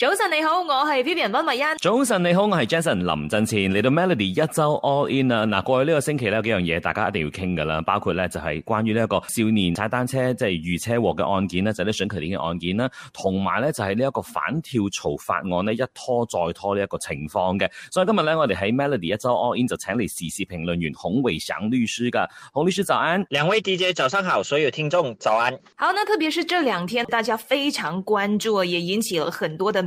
早晨你好，我係 P b R 溫慧欣。早晨你好，我係 Jason 林振前，嚟到 Melody 一周 All In 啊嗱，過去呢個星期呢，有幾樣嘢大家一定要傾嘅啦，包括咧就係關於呢一個少年踩單車即係遇車禍嘅案件咧，就啲、是、選求點嘅案件啦，同埋咧就係呢一個反跳槽法案呢，一拖再拖呢一個情況嘅，所以今日咧我哋喺 Melody 一周 All In 就請嚟時事評論員孔維省律師噶，孔律師早安。兩位 DJ 早上好，所有聽眾早安。好，呢特別是這兩天大家非常關注，也引起了很多的。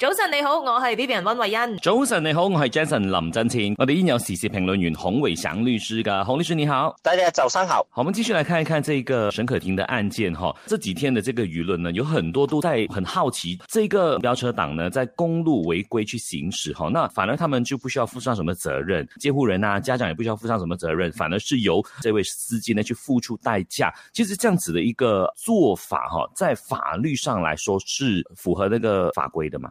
早晨你好，我係 Vivian 溫慧恩。早晨你好，我是，是 Jason 林振清。我哋依家有時事評論員洪偉祥律師嘅，洪律師你好。大家早上好，好，我們繼續來看一看這個沈可婷的案件哈。這幾天的這個輿論呢，有很多都在很好奇，這個飆車黨呢在公路違規去行駛哈，那反而他們就不需要負上什麼責任，監護人啊，家長也不需要負上什麼責任，反而是由這位司機呢去付出代價。其實，這樣子的一個做法哈，在法律上來說是符合那個法規的嘛。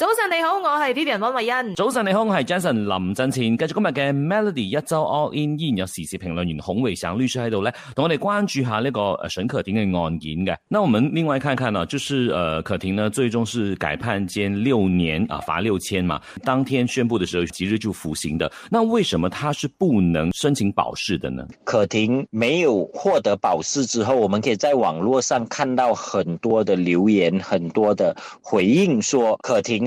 早晨你好，我係 Vivian 溫慧欣。早晨你好，我係 Jason 林振前。繼續今日嘅 Melody 一周 All In，in in。有時事評論員洪偉祥律師喺度咧，同我哋關注下呢個沈可婷嘅案件嘅。那我們另外看看啦、啊，就是誒、呃、可婷呢最終是改判監六年啊，罰、呃、六千嘛。當天宣布的時候，即日就服刑的。那為什麼他是不能申請保釋的呢？可婷沒有獲得保釋之後，我們可以在網絡上看到很多的留言，很多的回應說，說可婷。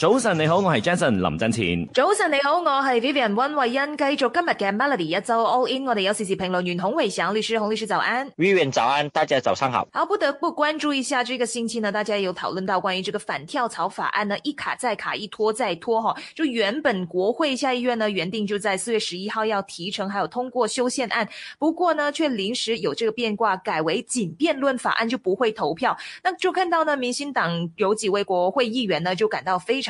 早晨你好，我係 Jason 林振前。早晨你好，我係 Vivian 温慧欣。繼續今日嘅 Melody 一周 All In，我哋有時事評論員洪維祥律師，洪律師早安。Vivian 早安，大家早上好。好，不得不關注一下呢個星期呢，大家有討論到關於這個反跳槽法案呢，一卡再卡，一拖再拖，哈，就原本國會下議院呢原定就在四月十一號要提呈，還有通過修憲案，不過呢卻臨時有這個變卦，改為僅辯論法案就不會投票，那就看到呢民進黨有幾位國會議員呢就感到非常。